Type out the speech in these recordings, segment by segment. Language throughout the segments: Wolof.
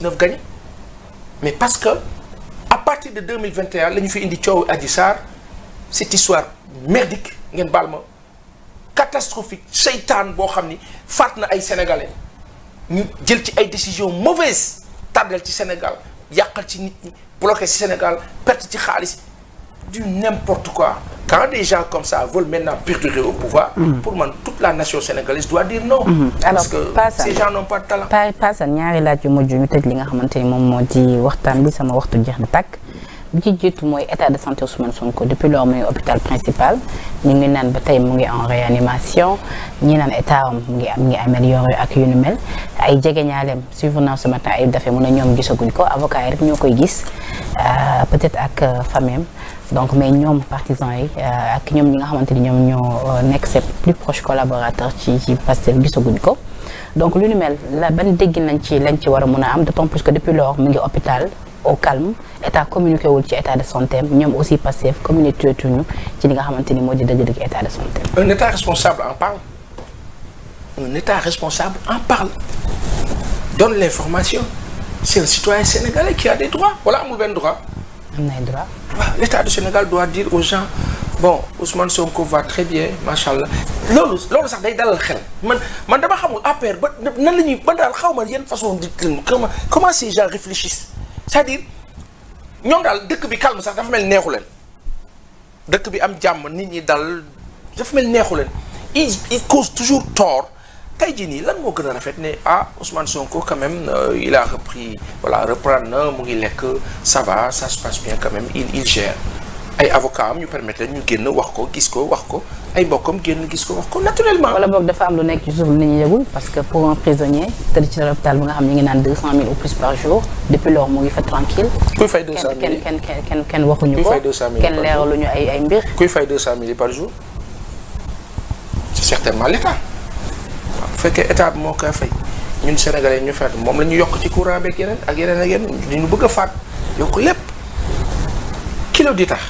neuf gagné mais parce que à partir de 2021 la ñu fi indi coow Adji Sarr cette histoire merdique ngeen baal ma catastrophique seytaan boo xam ni faat na ay sénégalais ñu jël ci ay décisions mauvaises tardel ci Sénégal yàqal ci nit ñi bloqué ci Sénégal perte ci xaalis du n'importe quoi quand des gens comme au pouvoir mm. pour man toute la nation sénégalaise doit dire non mmh. parce que Paasan, ñaari laaj yu mujj ñu tëj li nga xamante ni moom moo di waxtaan bi sama waxtu jeex na tàkk bi ci jiitu mooy état de santé Ousmane Sonko depuis lors muy hôpital principal ñu ngi naan ba tey mu ngi en réanimation ñi naan état am ngi am ngi amélioré ak yu nu mel ay jege ñaaleem suivre naa ce matin ay dafe mu ne ñoom gisaguñ ko avocat yi rek ñoo koy gis Euh, peut-être ak euh, famem donc mais ñoom partisans yi euh, ak ñoom ñi nga xamante ni ñoom ñoo nekk ses plus proches collaborateurs ci ci Pastef gisaguñ ko donc lu ni mel la ban déggin lañ ci lañ ci war a mën a am d'autant plus que depuis lors mu ngi hôpital au calme état communiqué wul ci état de santé am ñoom aussi Pastef communiqué tuñu ci li nga xamante moo di dëgg-dëgg état de santé un état responsable en parle un état responsable en parle donne l'information c'est un citoyen sénégalais qui a des droits wala amul benn droit. droits. l'état du Sénégal doit dire aux gens bon Ousmane Sonko va très bien macha allah loolu loolu sax day dalal xel man man dama xamul affaire ba nan la ñuy man daal xaw ma yenn façon di comment comment ces gens réfléchissent c'est-à-dire ñoom daal dëkk bi calme sax dafa mel neexu len dëkk bi am jàmm nit ñi dal daf mel neexu leen ils ils toujours tort. tey jii nii lan moo gën a rafet ne ah Ousmane Sonko quand même euh, il a repris voilà reprendre na euh, mu ngi lekk sa va ça se passe bien quand même il gère ay avocat am ñu permettre ñu génn wax ko gis ko wax ko ay mbokkam génn gis ko wax ko naturellement. wala boog dafa lu nekk ci suuf nit ñi yëgul parce que pour un prisonnier tëdd ci l'hôpital bi nga xam ñu ngi naan deux cent plus par jour depuis lors mu ngi fa tranquille kuy fay deux cent mille kenn kenn kenn kenn waxuñu ko kenn leeraluñu ay ay mbir. kuy fay fekkee état bi moo koy fay ñun sénégalais ñu fekk moom la ñu yokk ci courant beeg yeneen ak yeneen ak yeneen ñu bëgg a faat yokk lépp kilo di tax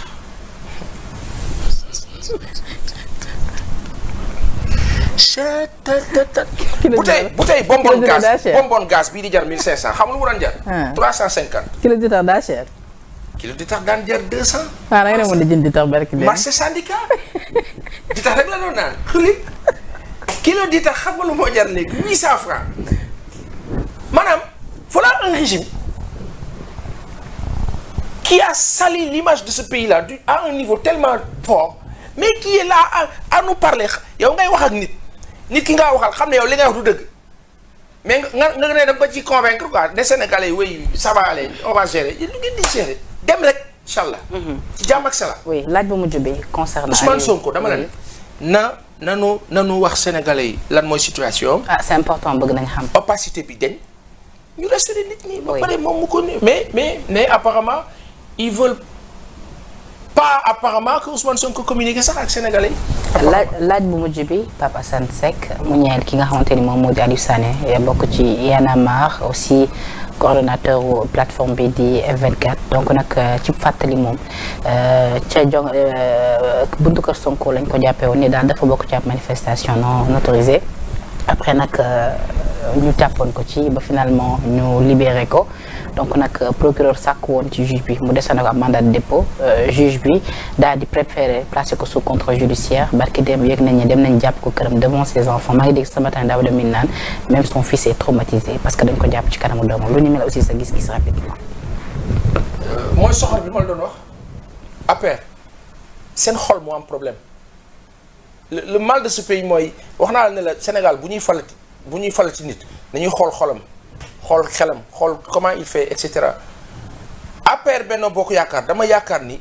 bu tey bu tey bonbon gaz bii di jar 1500 xam lu mu daan jar. 350. Ah. kilo di tax kilo di tax daan jar 200. waaw ah, da nga demoon di jënd di tax barki marché syndicat di tax rek la doon naan xuli. kilo dita xam nga lu moo jar léegi huit cent francs maanaam voilà un régime qui a sali l'image de ce pays-là du à un niveau tellement fort mais qui est là à, à nous parler yow ngay wax ak nit nit ki ngaa waxal xam ne yow li nga wax du dëgg mais nga nga ne da nga ko ci convaincre quoi ne Sénégalais yi oui ça va aller on va gérer lu ngeen di gérer dem rek incha allah. ci mhm. jàmm ak salaam. oui laaj bu mujj bi concernant Ousmane Sonko dama la ne na. nanu nanu wax sénégalais yi lan mooy situation ah c'est important bëgg nañ xam. papacité bi dañ ñu rassuré nit ñi. ba pare moom mu ko mais mais mais apparemment ils veulent pas apparemment que Ousmane Sonko communiqué sax ak sénégalais yi. laaj laaj bu mujj bi Pape Assane Seck mu ñeel ki nga xamante ni moom moo di Aliou Sané bokk ci Y'en aussi. coordonnateur wu plateforme bi di f donc nag euh, ci fàttali moom euh, ca jong euh, buntu kër Sonko lañ ko jàppee woon ni daal dafa bokk ci ab manifestation non autorisée après nag ñu jàppoon ko ci ba finalement ñu libéré ko. donc nag euh, procureur sàkk woon ci juge bi mu desee na ko ab mandat de dépôt euh, juge bi daal di préféré placer ko sous contrôle judiciaire barki dem yëg nañ ne dem nañ jàpp ko këram devant ses enfants maa ngi dégg ce matin daaw ko jàpp ci kanamu sa gis-gis rapidement euh, mooy soxor bi ma la doon wax après seen xol moo am problème lu mal de ce pays mooy wax naa la ne la Sénégal bu ñuy falati bu ñuy falati nit dañuy xool xolam xool xelam xool comment il fait et cetera APR Benno Bokk Yaakaar dama yaakaar ni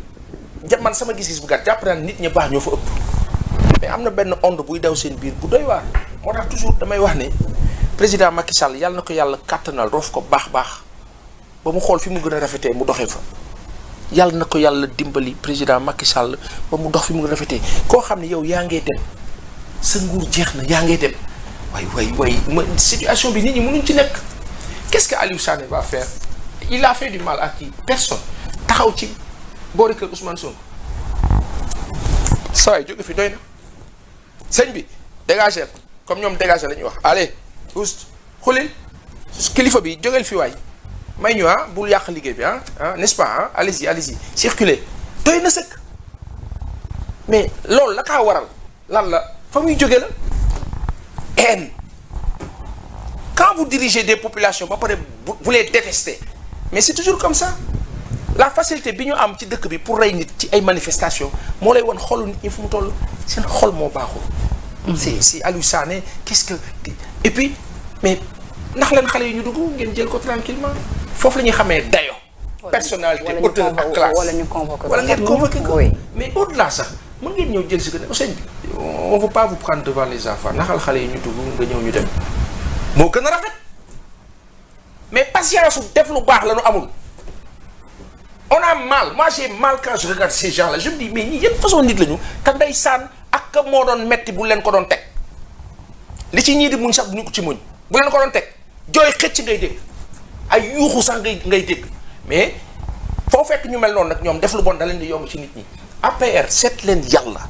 man sama gis-gis bu gàtt nit ñi baax ñoo fa ëpp mais am na benn onde buy daw seen biir bu doy waa moo tax toujours damay wax ne président Macky Sall yàlla na ko yàlla kàttanal roof ko baax baax ba mu xool fi mu gën a rafetee mu doxee fa yàlla na ko yàlla dimbali président Macky Sall ba mu dox fi mu gën a rafetee koo xam ne yow yaa ngay dem sa nguur jeex na yaa ngee dem waaye waaye waaye ma bi nit ñi mënuñ ci nekk qu'est-ce que Aliou Sané va faire il a fait du mal à qui personne taxaw ci boori kër Ousmane Sonko saa jóge fi doy na sëñ bi dégagé comme ñoom dégagé la ñuy wax allez oust xulil kilifa bi jógeel fi waay may ñu ah bul yàq liggéey bi ah ah n'est-ce pas ah allez-y allez doy na sëkk mais loolu la kaa waral lan la fa muy jóge la haine pour dirigez des population ba pare vous les détestez mais c'est toujours comme ça la facilité bi ñu am ci dëkk bi pour rey nit ci ay manifestation moo lay won xolu nit ñi fu mu toll seen xol moo baaxul. Mm-hmm. si si Aliou Sané qu'est-ce que et puis mais ndax leen xale yi ñu dugg ngeen jël ko tranquillement foofu la ñuy xamee dayo personnalité hauteur ak classe wala wala ngeen convoqué ko mais au-delà sax mën ngeen ñëw jël si que ne Ousseynou bi pas vous prendre devant les enfants naxal xale yi ñu dugg nga ñëw ñu dem moo gën a rafet mais patience su def lu baax la amul on a mal moi j'ai mal quand je regarde ces gens là je mais ñii yëpp façon nit la ñu te ndeysaan ak ka moo doon metti bu leen ko doon teg li ci ñii di muñ sax bu ñu ko ci muñ bu leen ko doon teg jooy xëcc ngay dégg ay yuuxu sax ngay ngay dégg mais foo fekk ñu mel noonu nag ñoom def lu bon da leen di yomb ci nit ñi APR seet leen yàlla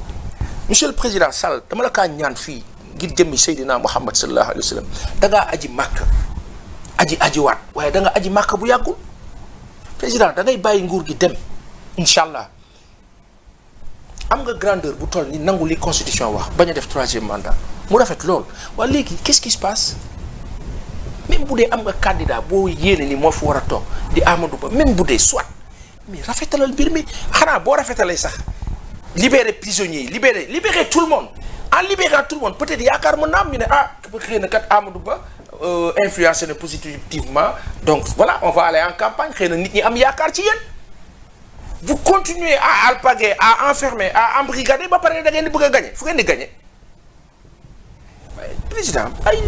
monsieur le président Sall dama la kaa ñaan fii ngir jëmmi Seydina Muhammad sallallahu alayhi wa sallam da ngaa aji màkk aji aji waat waaye da aji màkk bu yàggul président da bàyyi nguur gi dem incha allah am nga grandeur bu toll ni nangu li constitution wax bañ a def troisième mandat mu rafet lool waaye léegi qu'est-ce qui se passe même bu dee am nga candidat boo yéene ni moo fi war a toog di Amadou Ba même bu dee soit mais rafetalal mbir mi xanaa boo rafetalee sax libérer prisonniers yi libérer libérer tout en libérant tout le monde peut-être yaakaar mën na am ñu ne ah xëy na kat Amadou Ba euh, influencé na positivement donc voilà on va aller en campagne xëy na nit ñi am yaakaar ci yéen vous continuez à alpaguer à enfermer à embrigader ba pare da ngeen di bëgg a gagner fu ngeen di gagner président bàyyi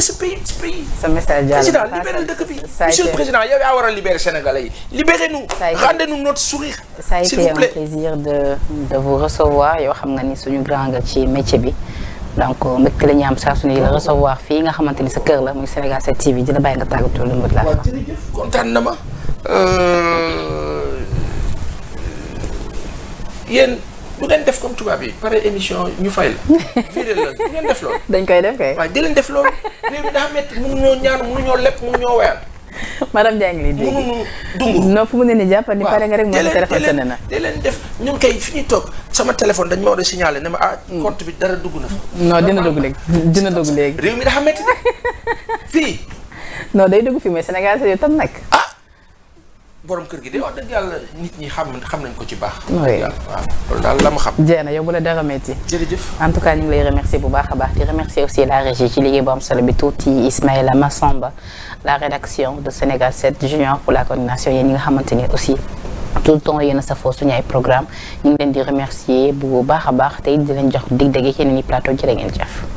ce pays ce pays. sa message président libérer dëkk bi. monsieur le président yow yaa war a libérer Sénégalais nous. rendez notre sourire. s'il vous plaît un plaisir de vous recevoir yoo xam nga ni suñu grand nga ci métier bi. donc euh, mbégte la ñu am saa su ne la recevoir fii nga xamante ni sa kër la muy Sénégal 7 TV di la bàyyi nga tàggatoo lu mu la. waaw jërëjëf kontaan na ma. Euh, yéen. du ngeen def comme tubaab yi pare émission ñu fay la. viré la du ngeen def loolu. dañ koy def kay. waaw di leen def loolu réew mi daa métti mënuñoo ñaan mënuñoo lepp mënuñoo weyal. madame Dieng lii dégg mënuñu dungu. non ne nii ni pare nga rek moom téléphone na. di leen def ñun kay fi ñuy toog sama téléphone dañ ma war a ne ma ah. Mm. compte bi dara dugg na fa. non dina dugg léegi dina dugg léegi. réew mi daa métti de fii. non day dugg fii mais Sénégal c'est tam nag. ah borom kër gi de wax dëgg yàlla nit ñi xam xam nañ ko ci baax. oui waaw loolu daal la ma xam. Diena yow bu la dara metti. jërëjëf en tout cas ñu ngi lay remercier bu baax a baax di remercier aussi la régie ci liggéey bu am solo bi tuuti Ismaïla Massamba la rédaction de Sénégal 7 Junior pour la coordination yéen ñi nga xamante ne aussi. tout le temps yéen a safoo suñu ay programme ñu ngi leen di remercier bu baax a baax tey di leen jox dig-dégg yeneen i plateau jërë ngeen jëf